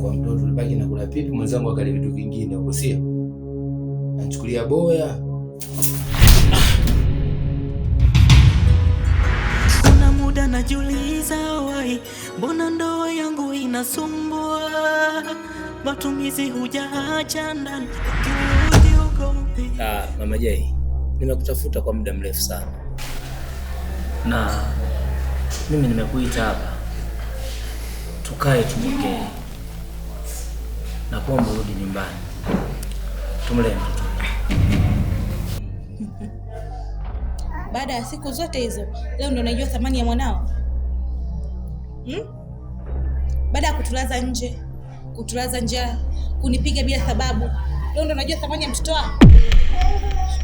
kwa mtoto, tulibaki na kula pipi, mwenzangu akali vitu vingine huko, sio anachukulia boya kuna muda najiuliza, wai mbona ndoa yangu inasumbua, matumizi hujaacha ndani. Ah, Mama Jai, nimekutafuta kwa muda mrefu sana na mimi nimekuita hapa tukae tuongee na kuomba urudi nyumbani, tumlee mtoto. Baada ya siku zote hizo, leo ndo unajua thamani ya mwanao hmm? Baada ya kutulaza nje, kutulaza njaa, kunipiga bila sababu, leo ndo unajua thamani ya mtoto wako.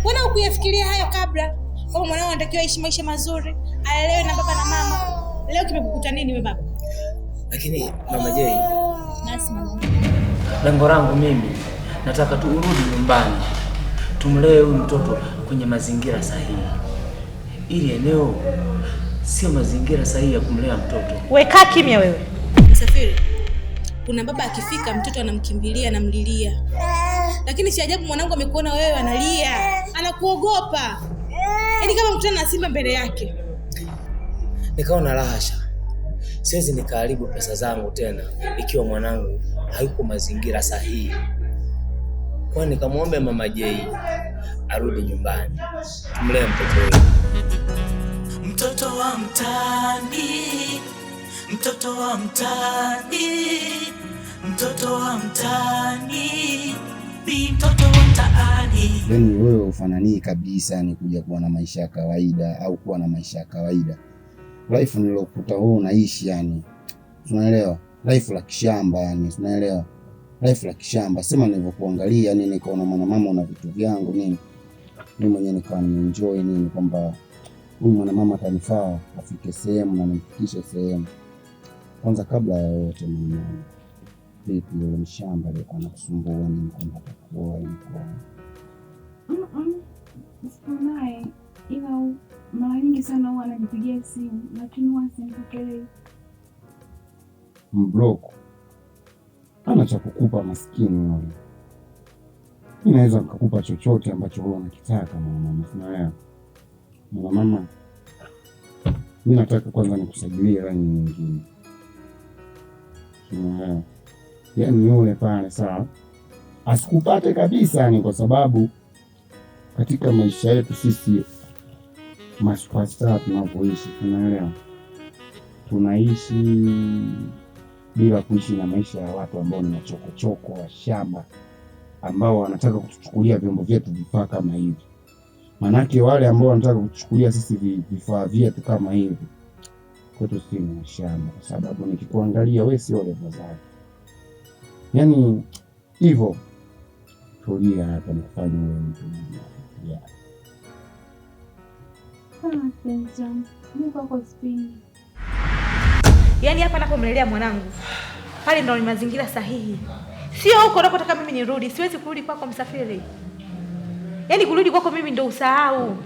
Mbona hukuyafikiria hayo kabla, kwamba mwanao anatakiwa aishi maisha mazuri, aelewe na baba na mama? Leo kimekukuta nini wewe baba? Lakini mama Jay, basi mama Lengo langu mimi nataka tu urudi nyumbani, tumlee huyu mtoto kwenye mazingira sahihi. Ili eneo sio mazingira sahihi ya kumlea mtoto. Weka kimya wewe, Msafiri. Kuna baba akifika mtoto anamkimbilia, anamlilia, lakini si ajabu mwanangu amekuona wewe analia, anakuogopa. Yaani kama mkutana na simba mbele yake. Nikaona lahasha, siwezi nikaharibu pesa zangu tena ikiwa mwanangu hayuko mazingira sahihi, hiyo nikamwombe Mama Jay arudi nyumbani tumlee mtoto wetu. Mtoto wa mtaani, mtoto wa mtaani, mtoto wa mtoto wa mtaani. Yani wewe ufananii kabisa ni kuja kuwa na maisha ya kawaida au kuwa na maisha ya kawaida, life nilokuta wewe unaishi, yani unaelewa life la kishamba, yani unaelewa life la kishamba. Sema nilivyokuangalia nini, nikaona mwanamama una vitu vyangu nini, mimi mwenyewe nikawa nimeenjoy nini, kwamba huyu mwanamama atanifaa, afike sehemu na nimfikishe sehemu. Kwanza kabla ya yote, mwanamama vipi ile mshamba kwa anakusumbua nini, kwamba atakuoa ila mara nyingi sana huwa anajipigia simu, lakini huwa simpokelei mblok ana cha kukupa maskini yule. Mimi naweza nikakupa chochote ambacho wewe unakitaka mwanamama. Sinawea mwanamama, mimi nataka kwanza nikusajilie rangi nyingine. Yaani yule pale sawa, asikupate kabisa, ni kwa sababu katika maisha yetu sisi masupasta tunavyoishi, tunaelewa tunaishi bila kuishi na maisha ya watu ambao ni wachokochoko wa shamba ambao wanataka kutuchukulia vyombo vyetu vifaa kama hivi. Manake wale ambao wanataka kutuchukulia sisi vifaa vyetu kama hivi kwetu si ni shamba, kwa sababu nikikuangalia wewe sio levo zake. Yaani hivyo, tulia hapa nikufanye wewe mtu yeah. Ah, Yaani hapa napomlelea mwanangu pale ndo ni mazingira sahihi, sio huko unakotaka mimi nirudi. Siwezi kurudi kwako kwa msafiri, yaani kurudi kwako kwa mimi ndo usahau.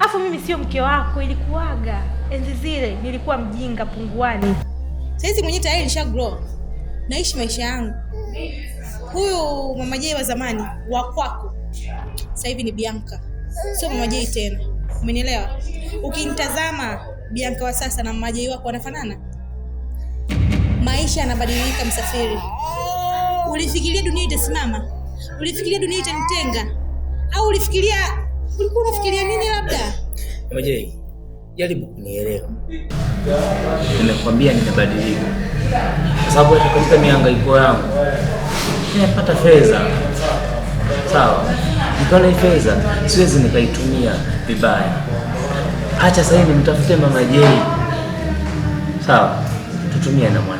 Afu mimi sio mke wako, ilikuwaga enzi zile nilikuwa mjinga punguani. Saizi mwenyewe tayari nisha grow, naishi maisha yangu. Huyu mama Jei wa zamani wa kwako sasa hivi ni Bianca, sio mama Jei tena, umenielewa? Ukinitazama Bianca wa sasa na mama Jei wako wanafanana Maisha yanabadilika, msafiri. Oh. Ulifikiria dunia itasimama? Ulifikiria dunia itanitenga? Au ulifikiria, ulikuwa unafikiria nini? Labda Mojei, jaribu kunielewa. Nimekwambia nimebadilika kwa sababu hata katika mihangaiko yangu nimepata fedha, sawa. Nikaona hii fedha siwezi nikaitumia vibaya, acha sasa hivi nimtafute mama Jay, sawa, tutumie na mwana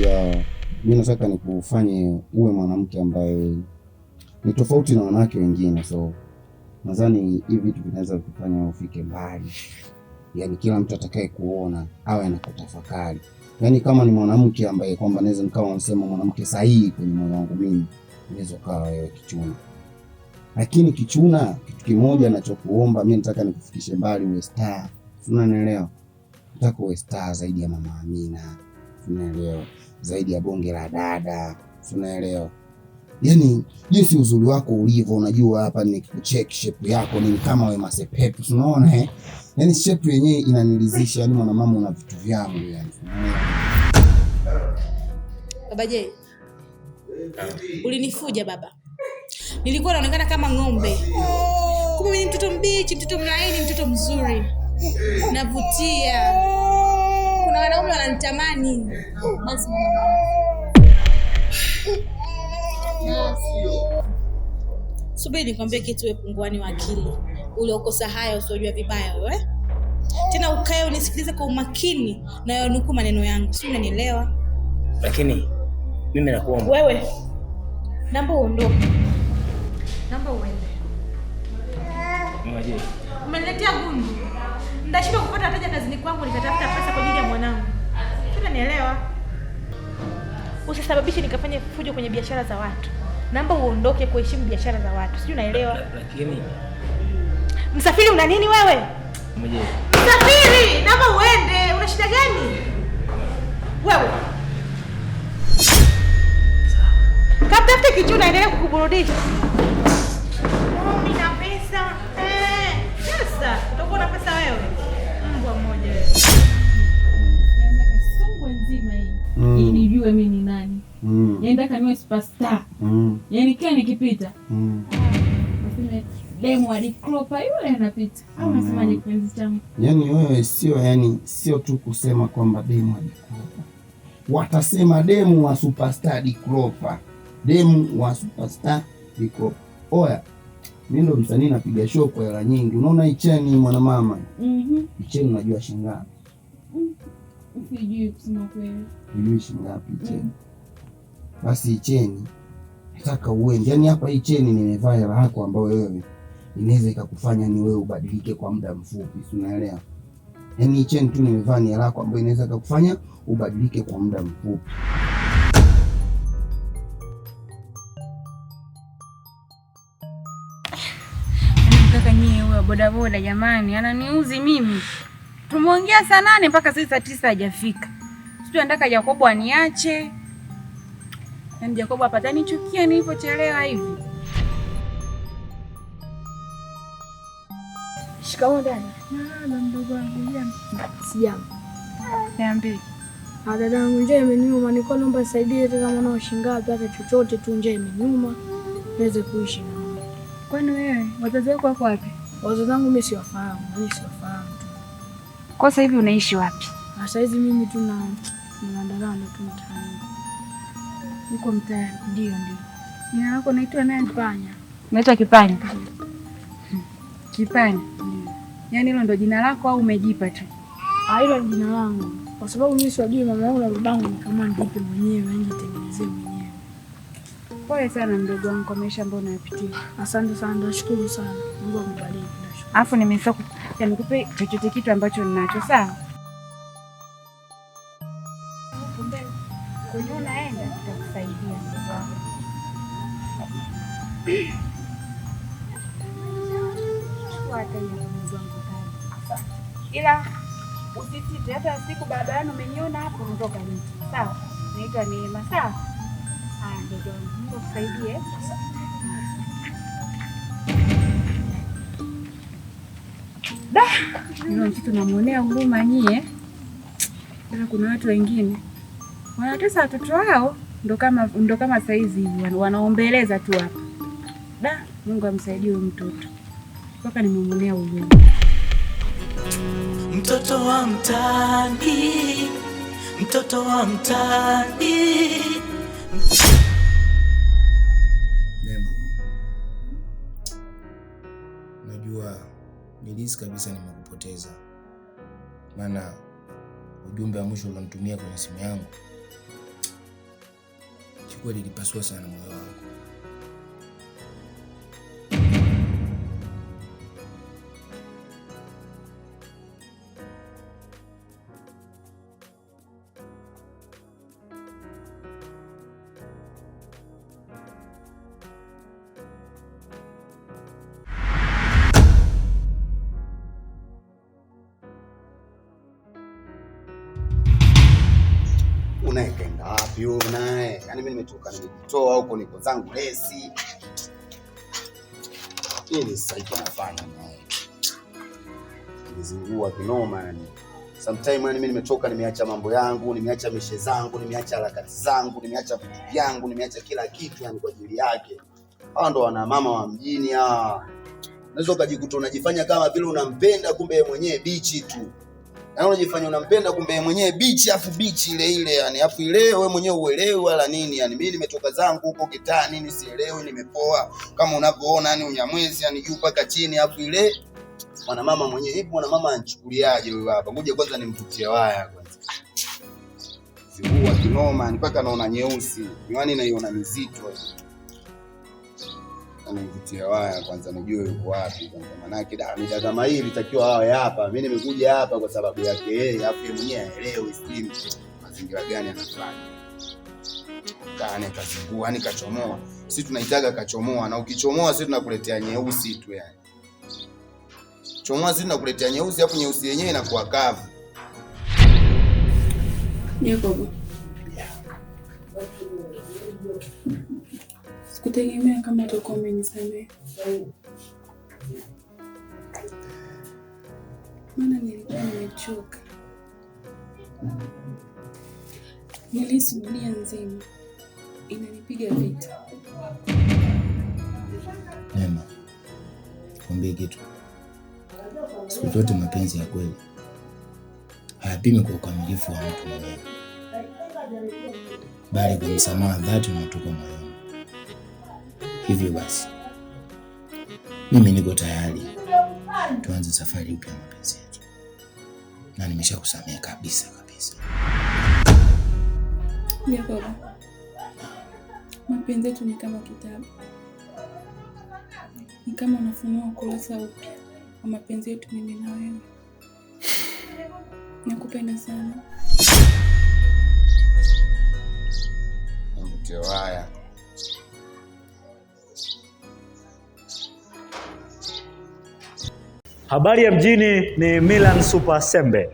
ya mimi nataka nikufanye uwe mwanamke ambaye ni tofauti na wanawake wengine, so nadhani hivi vitu vinaweza kufanya ufike mbali, yani kila mtu atakaye kuona awe anakutafakari, yani kama ni mwanamke ambaye kwamba naweza nikawa nasema mwanamke sahihi kwenye moyo wangu mimi, naweza ukawa wewe Kichuna. Lakini Kichuna, kitu kimoja nachokuomba mimi, nataka nikufikishe mbali, uwe star, unanielewa? Nataka uwe star zaidi ya mama Amina, unanielewa? zaidi ya bonge la dada, unaelewa? Yaani jinsi uzuri wako ulivyo, unajua hapa nikikucheck shape yako ni kama wewe masepepu, unaona eh? Yaani shape yenyewe inanilizisha, yani mwanamama una vitu vyangu yani. Baba je, ulinifuja baba. Nilikuwa naonekana kama ng'ombe, kumbe ni mtoto mbichi, mtoto mlaini, mtoto mzuri, navutia wanaume wananitamani basi. Subiri nikwambie kitu, we punguani wa akili uliokosa haya usiojua vibaya wewe. Tena ukae unisikilize kwa umakini na yanukuu maneno yangu, si unanielewa? Lakini mimi nakuomba wewe, namba uondoke, namba uende. umeletea gundu Ndashindwa kupata wateja kazini kwangu, nitatafuta pesa kwa ajili ya mwanangu. nielewa. Usisababishe nikafanye fujo kwenye biashara za watu. Naomba uondoke kuheshimu biashara za watu. Sijui unaelewa? Lakini Msafiri, una nini wewe? Mje. Msafiri, naomba uende. Una shida gani? Wewe. Kaptafute kitu naendelea kukuburudisha. Mimi na pesa. Eh, sasa utakuwa na pesa wewe. mm. ili nijue mimi ni nani mm. Yani nataka niwe superstar mm. Yani kila nikipita mm. demu yule anapita au mm. kipenzi changu? Yani wewe sio, yani sio tu kusema kwamba demu adikropa, watasema demu wa superstar dikropa, demu wa superstar dikropa. Oya, mi ndo msanii napiga show kwa hela nyingi. Unaona icheni mwanamama, mm -hmm. Icheni unajua shingana Sijui kusema kweli. Uliishi ngapi mm. Basi icheni nataka uende. Yaani hapa hii cheni nimevaa yako ambayo wewe inaweza ikakufanya ni wewe ubadilike kwa muda mfupi, si unaelewa? Yaani Icheni cheni tu nimevaa ni yako ambayo inaweza ikakufanya ubadilike kwa muda mfupi. Kaka nyie, huyo bodaboda jamani, ananiuzi mimi. Tumeongea saa nane mpaka sasa saa tisa hajafika. Sijui anataka Jakobo aniache. Yaani Jakobo hapa atanichukia nilipochelewa hivi. Shikamoo dada. Mama mdogo wangu jambo. Sijambo. Niambie. Ah, dada yangu njaa imeniuma, nilikuwa naomba nisaidie hata kama na shilingi hata chochote tu, njaa imeniuma niweze kuishi. Kwani wewe wazazi wako wako wapi? Wazazi wangu mimi siwafahamu, mimi siwafahamu. Kwa sasa hivi unaishi wapi? Ah, sasa hivi mimi tu na mlandaranda tu mtaani. Uko mtaa? Ndio, ndio. Jina lako naitwa nani? Panya. Unaitwa Kipanya? Kipanya. Yaani hilo ndo jina lako au umejipa tu? Ah, hilo ni jina langu. Kwa sababu mimi siwajui mama yangu na babangu ni kama ndipe mwenyewe tengenezee mwenyewe. Pole sana mdogo wangu kwa maisha ambayo unayapitia. Asante sana, nashukuru sana. Mungu akubariki. Alafu nimesahau nataka nikupe chochote kitu ambacho ninacho, sawa? Kwenye Ila usisite, hata siku umeniona hapo, ondoka nje, sawa? Naitwa Neema, sawa? mtoto namwonea huruma nyie. Sasa kuna watu wengine wanatesa watoto wao, ndo kama ndo kama saizi wanaombeleza tu hapa. Da, Mungu amsaidie huyu mtoto mpaka nimemuonea huruma. Mtoto wa mtaani, mtoto wa mtaani. Najua nilihisi kabisa nimekupoteza, maana ujumbe wa mwisho ulionitumia kwenye simu yangu kikweli ilipasua sana moyo wangu. mimi nimetoka nimejitoa huko, niko zangu lesi ili sasa nafanya naye nizingua kinoma yani. Sometime yani mimi nimetoka nimeacha mambo yangu, nimeacha mishe zangu, nimeacha harakati zangu, nimeacha vitu vyangu, nimeacha kila kitu yani kwa ajili yake. Hawa ndo wana mama wa mjini hawa. Unaweza ukajikuta unajifanya kama vile unampenda, kumbe yeye mwenyewe bichi tu na unajifanya unampenda, kumbe mwenyewe bichi, afu bichi ile ile yani, afu ile wewe mwenyewe uelewi wala nini yani. Mimi nimetoka zangu huko kitaa nini, sielewi, nimepoa kama unavyoona yani, unyamwezi yani, juu paka chini, afu ile mwana mama mwenyewe, hebu mama anachukuliaje huyu hapa? Ngoja kwanza nimvutie waya kwanza, siua kinoma mpaka naona nyeusi, miwani naiona mizito anaivutia waya kwanza, nijue yuko wapi kwanza, manake da mitazama hii litakiwa awe hapa. Mimi nimekuja hapa kwa sababu yake yeye, afu yeye mwenyewe aelewe simu mazingira gani anafanya kane kachukua, ni kachomoa. Sisi tunaitaga kachomoa, na ukichomoa sisi tunakuletea nyeusi tu, yani chomoa sisi tunakuletea nyeusi, afu nyeusi yenyewe inakuwa kavu. Sikutegemea kama utakuwa umenisamehe, maana nilikuwa nimechoka. Nilihisi dunia nzima inanipiga vita. Neema, kuambia kitu, siku zote mapenzi ya kweli hayapimi kwa ukamilifu wa mtu mwenyewe, bali kwa msamaha dhati unaotoka moyoni. Hivyo basi mimi niko tayari, tuanze safari upya mapenzi yetu, na nimeshakusamea kabisa kabisa. Yakobo, mapenzi yetu ni kama kitabu, ni kama unafunua ukurasa upya wa mapenzi yetu, mimi na wewe. Nakupenda sana mtewaya Habari ya mjini ni Milan Super Sembe.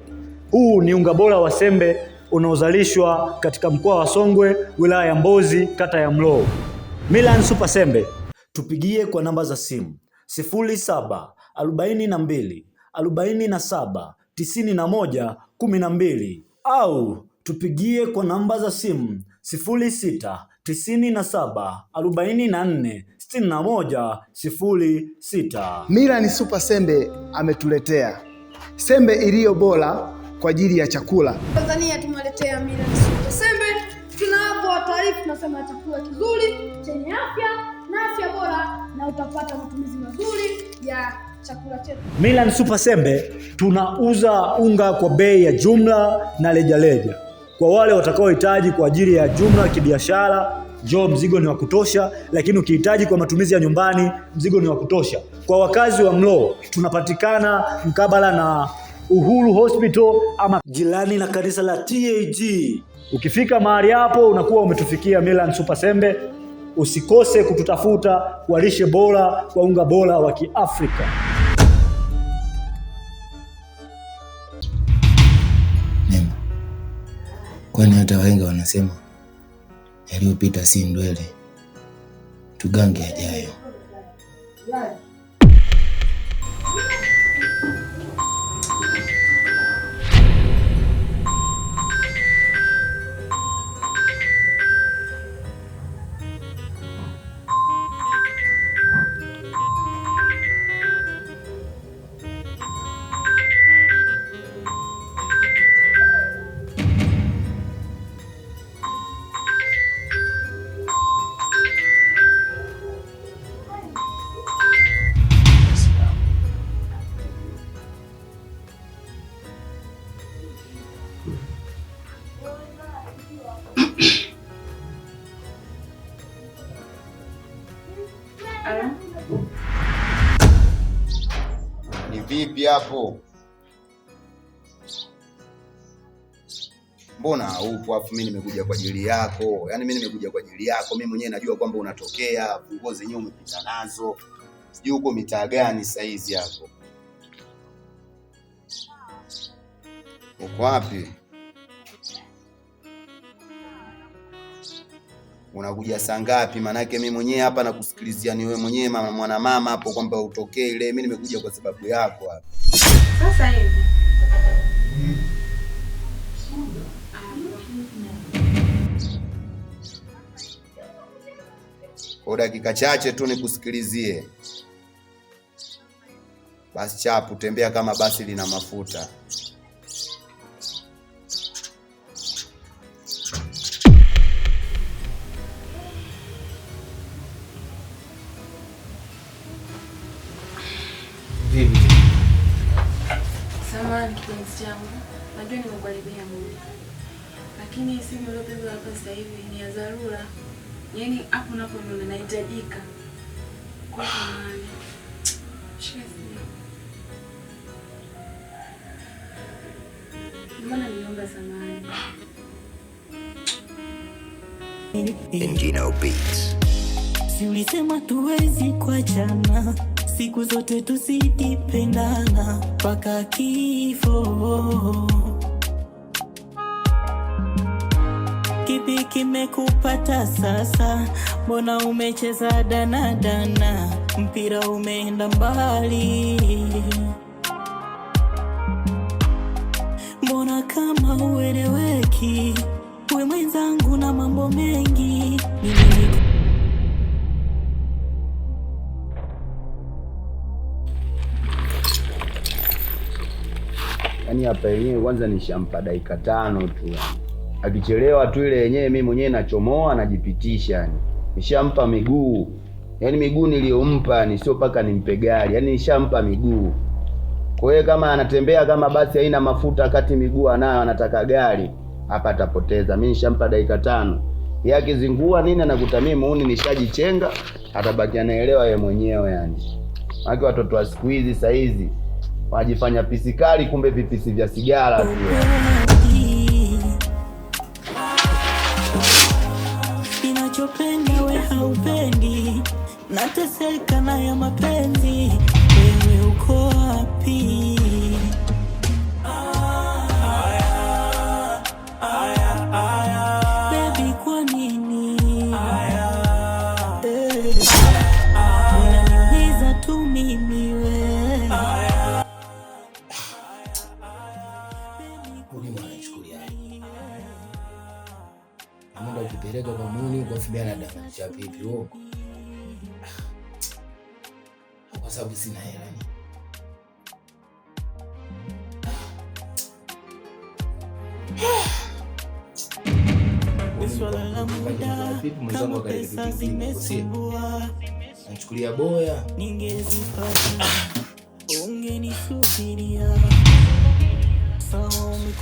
Huu ni unga bora wa sembe unaozalishwa katika mkoa wa Songwe, wilaya ya Mbozi, kata ya Mloo. Milan Super Sembe, tupigie kwa namba za simu sifuri saba arobaini na mbili arobaini na saba tisini na moja kumi na mbili au tupigie kwa namba za simu sifuri sita tisini na saba arobaini na nne 6106. Milan Super Sembe ametuletea sembe iliyo bora kwa ajili ya chakula. Tanzania tumeletea Milan Super Sembe, tunawapa wataarifu, tunasema chakula kizuri chenye afya na afya bora, na utapata matumizi mazuri ya chakula chetu. Milan Super Sembe tunauza unga kwa bei ya jumla na rejareja kwa wale watakaohitaji kwa ajili ya jumla kibiashara Njoo, mzigo ni wa kutosha, lakini ukihitaji kwa matumizi ya nyumbani, mzigo ni wa kutosha. Kwa wakazi wa Mlowo tunapatikana mkabala na Uhuru Hospital ama jirani na kanisa la TAG. Ukifika mahali hapo unakuwa umetufikia Milan Super Sembe. Usikose kututafuta kwa bora, kwa unga bora wa Kiafrika. Kwani hata wahenga wanasema Yaliyopita si ndwele, tugange yajayo. hapo? Mbona upo Afu mimi nimekuja kwa ajili yako, yaani mimi nimekuja kwa ajili yako. Mimi mwenyewe najua kwamba unatokea, funguo zenyewe umepita nazo, sijui uko mitaa gani saizi hapo, uko wapi? Unakuja saa ngapi? Maanake mimi mwenyewe hapa nakusikilizia, ni wewe mwenyewe mwanamama hapo kwamba utokee ile. Mimi nimekuja kwa sababu yako hapa sasa hivi kwa dakika chache tu nikusikilizie. Basi chapu, tembea kama basi lina mafuta. binafsi yangu najua nimekukaribia mimi. lakini simu uliopigwa hapa sasa hivi ni ya dharura, yaani hapo napo ndo ninahitajika. kwa maana. Mbona niliomba samahani. Ingino Beats, si ulisema tuwezi kuachana siku zote tusitipendana mpaka kifo. Kipi kimekupata sasa? Mbona umecheza danadana, mpira umeenda mbali. Mbona kama ueleweki, we mwenzangu na mambo mengi yani hapa yenyewe kwanza nishampa dakika tano tu, akichelewa tu ile yenyewe mimi mwenyewe nachomoa najipitisha, yani nishampa miguu, Yaani miguu niliyompa ni sio paka nimpe gari, Yaani nishampa miguu. Kwa hiyo kama anatembea kama basi haina mafuta kati miguu anayo, anataka gari, hapa atapoteza. Mimi nishampa dakika tano yake zingua nini, anakuta mimi muuni nishajichenga, atabaki anaelewa yeye mwenyewe yani. Maki watoto wa siku hizi saa hizi wajifanya pisi kali, kumbe vipisi vya sigara tu. Ninachopenda we haupendi, nateseka nayo mapenzi Nachukulia boya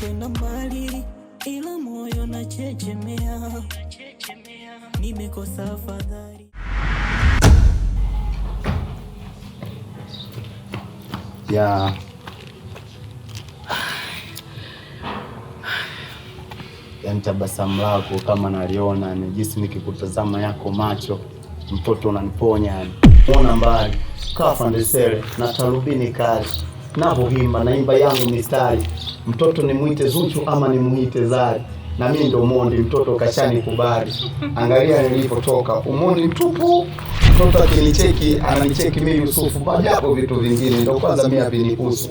kwenda mbali ila moyo nachechemea, nimekosa fadhali. Yeah. yani tabasamu lako kama naliona, ni jinsi nikikutazama yako macho, mtoto unaniponya yani, ona mbali kafandesere na tarubini kali navohimba naimba yangu mistari, mtoto nimwite Zuchu ama nimwite Zari na mimi ndo mondi mtoto kashani kubali. Angalia nilipotoka, umoni mtupu. Mtoto akinicheki ananicheki mimi Yusufu, hapo vitu vingine ndo kwanza mimi havinihusu,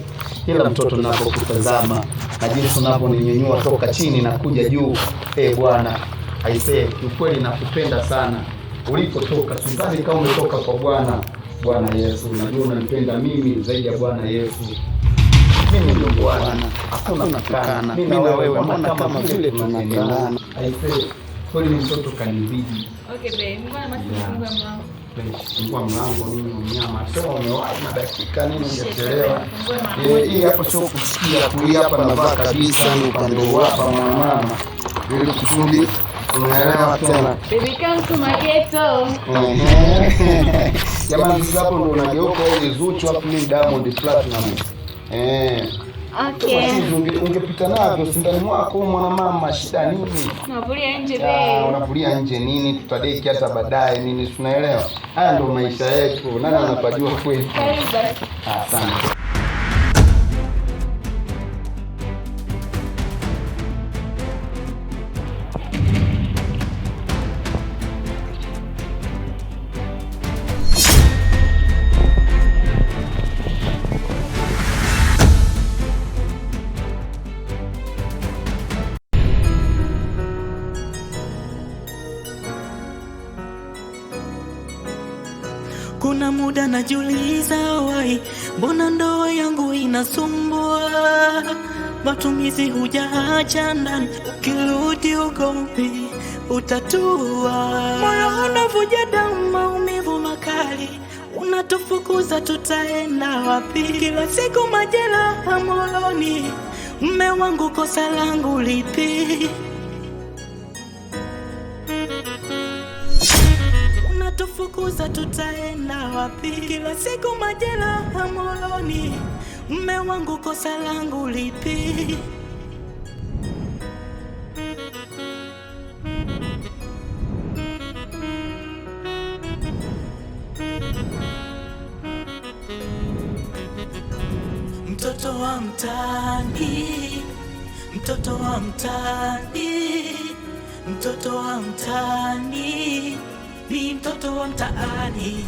ila mtoto ninapokutazama na jinsi unavyoninyanyua toka chini na kuja juu, eh Bwana aisee, kiukweli nakupenda sana ulipotoka. Sidhani kama umetoka kwa Bwana. Bwana Yesu, najua unanipenda mimi zaidi ya Bwana Yesu mimi ndo Bwana, hakuna kukana. Mimi na wewe mbona kama vile tunapendana. Kweli mtoto kanibidi. Okay mlango nini mnyama. Sema umewahi dakika nini ungechelewa. Hii hapo sio kusikia kulia hapa navaa kabisa ni upande wa hapa mwanamama. Ili kusudi unaelewa tena. Baby come to my ghetto. Jamani, hapo ndo unageuka hivi Zuchu, hapo mimi Diamond Platinum. Eh. Okay. Ungepita navyo sindani mwako mwana mama, shida nini? Unavulia nje leo. Ah, unavulia nje nini? Tutadeki hata baadaye nini, tunaelewa. Haya ndio maisha yetu. Nani anapajua kweli? Asante. muda najiuliza, wai, mbona ndoa yangu inasumbua? Matumizi hujaacha ndani, ukirudi ugomvi utatua. Moyo unavuja damu, maumivu makali, unatufukuza tutaenda wapi? Kila siku majeraha moyoni, mme wangu, kosa langu lipi? Ukitufukuza tutaenda wapi? Kila siku majeraha moyoni, mme wangu, kosa langu lipi? Mtoto wa mtaani, mtoto wa mtaani, mtoto wa mtaani ni mtoto wa mtaani.